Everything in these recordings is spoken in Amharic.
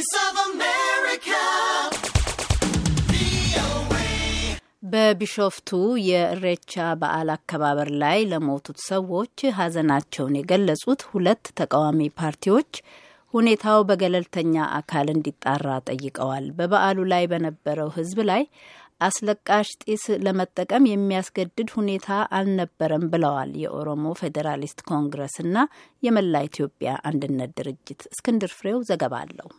Voice of America. በቢሾፍቱ የእሬቻ በዓል አከባበር ላይ ለሞቱት ሰዎች ሀዘናቸውን የገለጹት ሁለት ተቃዋሚ ፓርቲዎች ሁኔታው በገለልተኛ አካል እንዲጣራ ጠይቀዋል። በበዓሉ ላይ በነበረው ሕዝብ ላይ አስለቃሽ ጢስ ለመጠቀም የሚያስገድድ ሁኔታ አልነበረም ብለዋል። የኦሮሞ ፌዴራሊስት ኮንግረስ እና የመላ ኢትዮጵያ አንድነት ድርጅት እስክንድር ፍሬው ዘገባ አለው።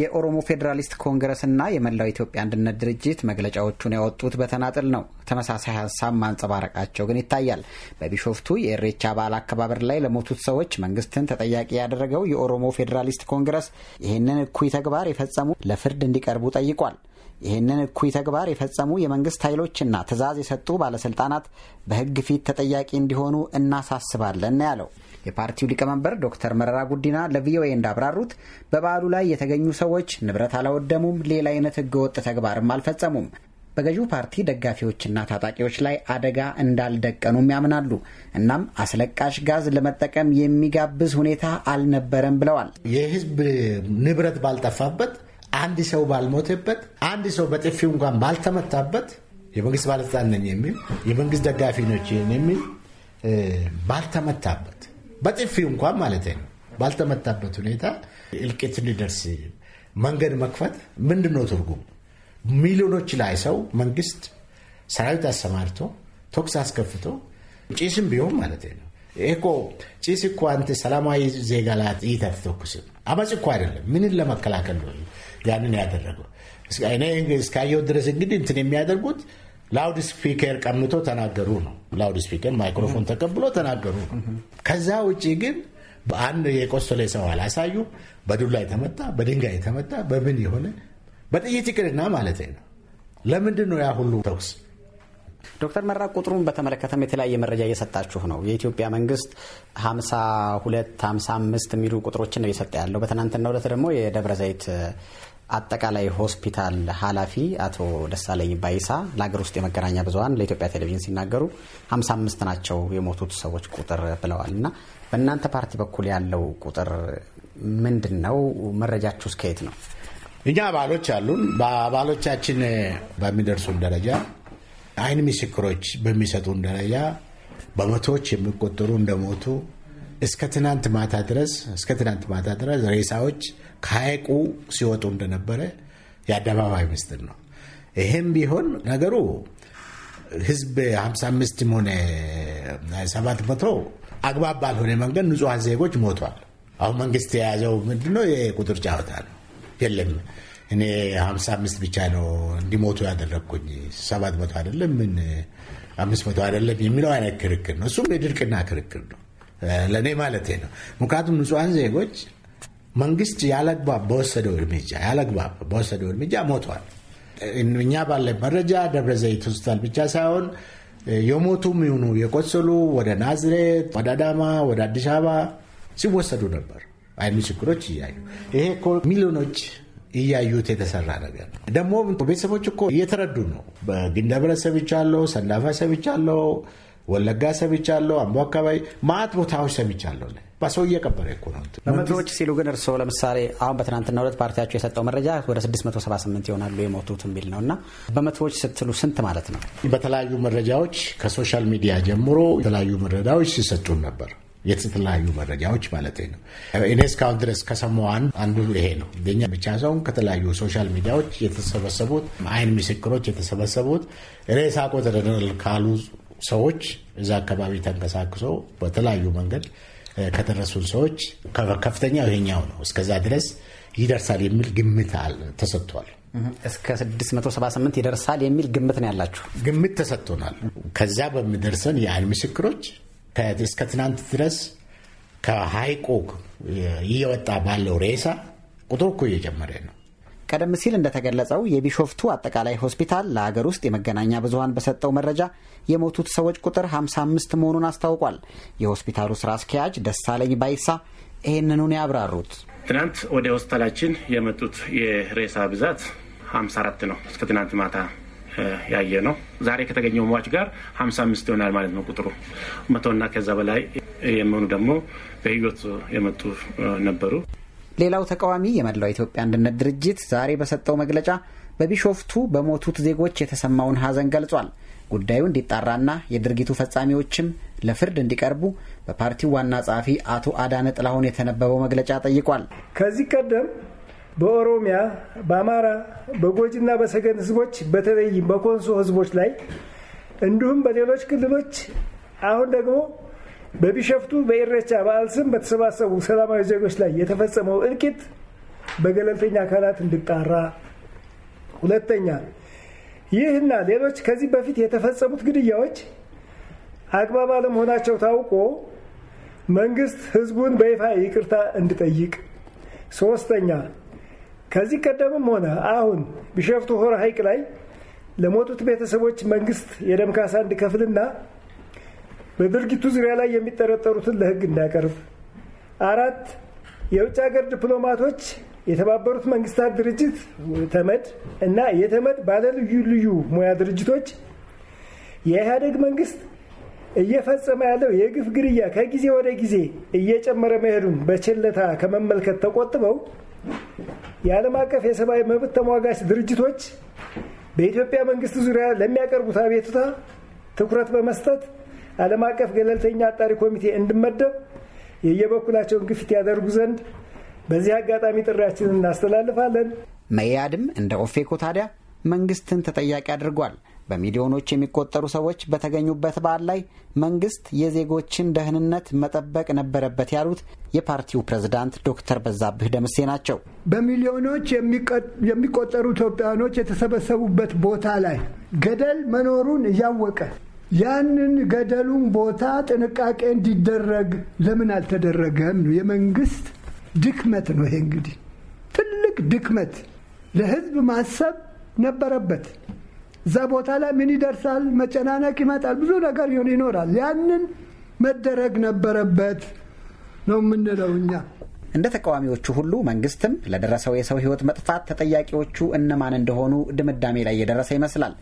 የኦሮሞ ፌዴራሊስት ኮንግረስና የመላው ኢትዮጵያ አንድነት ድርጅት መግለጫዎቹን ያወጡት በተናጥል ነው። ተመሳሳይ ሀሳብ ማንጸባረቃቸው ግን ይታያል። በቢሾፍቱ የእሬቻ በዓል አከባበር ላይ ለሞቱት ሰዎች መንግስትን ተጠያቂ ያደረገው የኦሮሞ ፌዴራሊስት ኮንግረስ ይህንን እኩይ ተግባር የፈጸሙ ለፍርድ እንዲቀርቡ ጠይቋል። ይህንን እኩይ ተግባር የፈጸሙ የመንግስት ኃይሎችና ትዕዛዝ የሰጡ ባለስልጣናት በሕግ ፊት ተጠያቂ እንዲሆኑ እናሳስባለን ያለው። የፓርቲው ሊቀመንበር ዶክተር መረራ ጉዲና ለቪኦኤ እንዳብራሩት በበዓሉ ላይ የተገኙ ሰዎች ንብረት አላወደሙም፣ ሌላ አይነት ህገወጥ ተግባርም አልፈጸሙም። በገዢው ፓርቲ ደጋፊዎችና ታጣቂዎች ላይ አደጋ እንዳልደቀኑም ያምናሉ። እናም አስለቃሽ ጋዝ ለመጠቀም የሚጋብዝ ሁኔታ አልነበረም ብለዋል። የህዝብ ንብረት ባልጠፋበት አንድ ሰው ባልሞተበት፣ አንድ ሰው በጥፊ እንኳን ባልተመታበት የመንግስት ባለስልጣን ነኝ የሚል የመንግስት ደጋፊ ነች የሚል ባልተመታበት፣ በጥፊ እንኳን ማለት ነው ባልተመታበት ሁኔታ እልቂት እንዲደርስ መንገድ መክፈት ምንድን ነው ትርጉም? ሚሊዮኖች ላይ ሰው መንግስት ሰራዊት አሰማርቶ ቶክስ አስከፍቶ ጭስም ቢሆን ማለት ነው። ይሄ እኮ ጭስ እኮ አንተ ሰላማዊ ዜጋ ላይ ጥይት አትተኩስም። አመፅ እኮ አይደለም። ምንን ለመከላከል ነው ያንን ያደረገው እኔ እስካየው ድረስ እንግዲህ እንትን የሚያደርጉት ላውድ ስፒከር ቀምቶ ተናገሩ ነው። ላውድ ስፒከር ማይክሮፎን ተቀብሎ ተናገሩ ነው። ከዛ ውጭ ግን በአንድ የቆሰለ ሰው አላሳዩ። በዱላ የተመጣ በድንጋይ የተመጣ በምን የሆነ በጥይት ይቅርና ማለት ነው። ለምንድን ነው ያ ሁሉ ተኩስ? ዶክተር መራ ቁጥሩን በተመለከተም የተለያየ መረጃ እየሰጣችሁ ነው። የኢትዮጵያ መንግስት 52 55 የሚሉ ቁጥሮችን ነው እየሰጠ ያለው። በትናንትናው ዕለት ደግሞ የደብረ ዘይት አጠቃላይ ሆስፒታል ኃላፊ አቶ ደሳለኝ ባይሳ ለሀገር ውስጥ የመገናኛ ብዙኃን ለኢትዮጵያ ቴሌቪዥን ሲናገሩ 55 ናቸው የሞቱት ሰዎች ቁጥር ብለዋል እና በእናንተ ፓርቲ በኩል ያለው ቁጥር ምንድን ነው? መረጃችሁ እስከ የት ነው? እኛ አባሎች አሉን። በአባሎቻችን በሚደርሱን ደረጃ አይን ምስክሮች በሚሰጡን ደረጃ በመቶዎች የሚቆጠሩ እንደሞቱ እስከ ትናንት ማታ ድረስ እስከ ትናንት ማታ ድረስ ሬሳዎች ከሀይቁ ሲወጡ እንደነበረ የአደባባይ ምስጢር ነው። ይህም ቢሆን ነገሩ ህዝብ 55 ሆነ 700 አግባብ ባልሆነ መንገድ ንጹሐን ዜጎች ሞቷል። አሁን መንግስት የያዘው ምንድነው? የቁጥር ጫወታ ነው። የለም እኔ 55 ብቻ ነው እንዲሞቱ ያደረግኩኝ 700 አይደለም ምን 500 አይደለም የሚለው አይነት ክርክር ነው። እሱም የድርቅና ክርክር ነው። ለእኔ ማለት ነው። ምክንያቱም ንጹሐን ዜጎች መንግስት ያለግባብ በወሰደው እርምጃ ያለግባብ በወሰደው እርምጃ ሞተዋል። እኛ ባለ መረጃ ደብረ ዘይት ሆስፒታል ብቻ ሳይሆን የሞቱም ይሁኑ የቆሰሉ ወደ ናዝሬት፣ ወደ አዳማ፣ ወደ አዲስ አበባ ሲወሰዱ ነበር። አይን ምስክሮች እያዩ ይሄ እኮ ሚሊዮኖች እያዩት የተሰራ ነገር ነው። ደግሞ ቤተሰቦች እኮ እየተረዱ ነው። በግንደበረ ሰምቻለሁ፣ ሰንዳፋ ሰምቻለሁ ወለጋ ሰምቻለሁ፣ አምቦ አካባቢ ማት ቦታዎች ሰምቻለሁ። ሰው እየቀበረ እኮ ነው። በመቶዎች ሲሉ ግን እርስዎ ለምሳሌ አሁን በትናንትና ሁለት ፓርቲያቸው የሰጠው መረጃ ወደ 678 ይሆናሉ የሞቱት የሚል ነው እና በመቶዎች ስትሉ ስንት ማለት ነው? በተለያዩ መረጃዎች ከሶሻል ሚዲያ ጀምሮ የተለያዩ መረጃዎች ሲሰጡን ነበር። የተለያዩ መረጃዎች ማለት ነው። እኔ እስካሁን ድረስ ከሰማሁ አንዱ ይሄ ነው። የኛ ብቻ ሰውን ከተለያዩ ሶሻል ሚዲያዎች የተሰበሰቡት አይን ምስክሮች የተሰበሰቡት ሬሳ ቆጥረናል ካሉ ሰዎች እዛ አካባቢ ተንቀሳቅሶ በተለያዩ መንገድ ከደረሱን ሰዎች ከፍተኛው ይሄኛው ነው። እስከዛ ድረስ ይደርሳል የሚል ግምት ተሰጥቷል። እስከ 678 ይደርሳል የሚል ግምት ነው ያላችሁ? ግምት ተሰጥቶናል። ከዛ በሚደርሰን የአይን ምስክሮች እስከ ትናንት ድረስ ከሀይቁ እየወጣ ባለው ሬሳ ቁጥር እኮ እየጨመረ ነው። ቀደም ሲል እንደተገለጸው የቢሾፍቱ አጠቃላይ ሆስፒታል ለሀገር ውስጥ የመገናኛ ብዙኃን በሰጠው መረጃ የሞቱት ሰዎች ቁጥር 55 መሆኑን አስታውቋል። የሆስፒታሉ ስራ አስኪያጅ ደሳለኝ ባይሳ ይህንኑን ያብራሩት ትናንት ወደ ሆስፒታላችን የመጡት የሬሳ ብዛት 54 ነው። እስከ ትናንት ማታ ያየ ነው። ዛሬ ከተገኘው ሟች ጋር 55 ይሆናል ማለት ነው ቁጥሩ። መቶና ከዛ በላይ የሚሆኑ ደግሞ በህይወት የመጡ ነበሩ። ሌላው ተቃዋሚ የመላው ኢትዮጵያ አንድነት ድርጅት ዛሬ በሰጠው መግለጫ በቢሾፍቱ በሞቱት ዜጎች የተሰማውን ሐዘን ገልጿል። ጉዳዩ እንዲጣራና የድርጊቱ ፈጻሚዎችም ለፍርድ እንዲቀርቡ በፓርቲው ዋና ጸሐፊ አቶ አዳነ ጥላሁን የተነበበው መግለጫ ጠይቋል። ከዚህ ቀደም በኦሮሚያ፣ በአማራ፣ በጎጂና በሰገን ህዝቦች በተለይም በኮንሶ ህዝቦች ላይ እንዲሁም በሌሎች ክልሎች አሁን ደግሞ በቢሸፍቱ በኢሬቻ በዓል ስም በተሰባሰቡ ሰላማዊ ዜጎች ላይ የተፈጸመው እልቂት በገለልተኛ አካላት እንዲጣራ። ሁለተኛ ይህና ሌሎች ከዚህ በፊት የተፈጸሙት ግድያዎች አግባብ አለመሆናቸው ታውቆ መንግስት ህዝቡን በይፋ ይቅርታ እንዲጠይቅ። ሶስተኛ ከዚህ ቀደምም ሆነ አሁን ቢሸፍቱ ሆረ ሐይቅ ላይ ለሞቱት ቤተሰቦች መንግስት የደም ካሳ እንዲከፍልና በድርጊቱ ዙሪያ ላይ የሚጠረጠሩትን ለህግ እንዲያቀርብ። አራት የውጭ ሀገር ዲፕሎማቶች የተባበሩት መንግስታት ድርጅት ተመድ እና የተመድ ባለ ልዩ ልዩ ሙያ ድርጅቶች የኢህአዴግ መንግስት እየፈጸመ ያለው የግፍ ግድያ ከጊዜ ወደ ጊዜ እየጨመረ መሄዱን በቸልታ ከመመልከት ተቆጥበው የዓለም አቀፍ የሰብአዊ መብት ተሟጋች ድርጅቶች በኢትዮጵያ መንግስት ዙሪያ ለሚያቀርቡት አቤቱታ ትኩረት በመስጠት ዓለም አቀፍ ገለልተኛ አጣሪ ኮሚቴ እንድመደብ የየበኩላቸውን ግፊት ያደርጉ ዘንድ በዚህ አጋጣሚ ጥሪያችንን እናስተላልፋለን። መያድም እንደ ኦፌኮ ታዲያ መንግስትን ተጠያቂ አድርጓል። በሚሊዮኖች የሚቆጠሩ ሰዎች በተገኙበት በዓል ላይ መንግስት የዜጎችን ደህንነት መጠበቅ ነበረበት ያሉት የፓርቲው ፕሬዝዳንት ዶክተር በዛብህ ደምሴ ናቸው። በሚሊዮኖች የሚቆጠሩ ኢትዮጵያኖች የተሰበሰቡበት ቦታ ላይ ገደል መኖሩን እያወቀ ያንን ገደሉን ቦታ ጥንቃቄ እንዲደረግ ለምን አልተደረገም? ነው የመንግስት ድክመት ነው። ይሄ እንግዲህ ትልቅ ድክመት ለህዝብ ማሰብ ነበረበት። እዛ ቦታ ላይ ምን ይደርሳል፣ መጨናነቅ ይመጣል፣ ብዙ ነገር ይኖራል። ያንን መደረግ ነበረበት ነው የምንለው እኛ። እንደ ተቃዋሚዎቹ ሁሉ መንግስትም ለደረሰው የሰው ህይወት መጥፋት ተጠያቂዎቹ እነማን እንደሆኑ ድምዳሜ ላይ የደረሰ ይመስላል።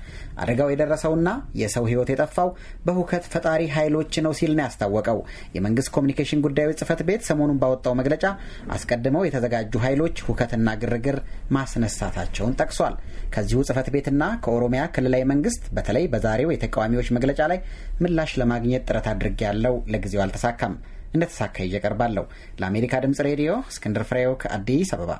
አደጋው የደረሰውና የሰው ህይወት የጠፋው በሁከት ፈጣሪ ኃይሎች ነው ሲል ነው ያስታወቀው። የመንግስት ኮሚኒኬሽን ጉዳዮች ጽህፈት ቤት ሰሞኑን ባወጣው መግለጫ አስቀድመው የተዘጋጁ ኃይሎች ሁከትና ግርግር ማስነሳታቸውን ጠቅሷል። ከዚሁ ጽህፈት ቤትና ከኦሮሚያ ክልላዊ መንግስት በተለይ በዛሬው የተቃዋሚዎች መግለጫ ላይ ምላሽ ለማግኘት ጥረት አድርጌ ያለው ለጊዜው አልተሳካም። እንደተሳካ እየቀርባለሁ። ለአሜሪካ ድምጽ ሬዲዮ እስክንድር ፍሬው ከአዲስ አበባ